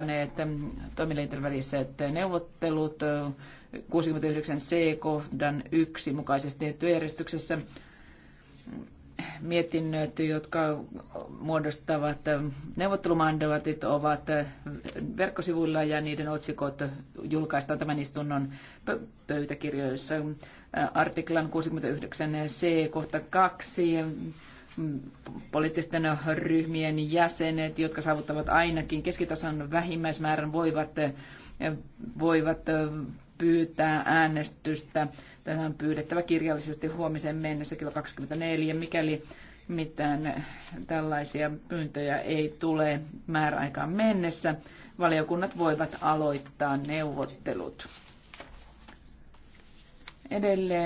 aloittaneet mm, toimielinten väliset neuvottelut 69c-kohdan mm, 1 mukaisesti työjärjestyksessä mm, mietinnöt, jotka muodostavat neuvottelumandaatit, ovat verkkosivuilla ja niiden otsikot julkaistaan tämän istunnon pöytäkirjoissa. Artiklan 69c kohta 2 Mm, poliittisten ryhmien jäsenet, jotka saavuttavat ainakin keskitason vähimmäismäärän, voivat, eh, voivat eh, pyytää äänestystä. Tämä on pyydettävä kirjallisesti huomiseen mennessä kello 24. Mikäli mitään tällaisia pyyntöjä ei tule määräaikaan mennessä, valiokunnat voivat aloittaa neuvottelut. Edelleen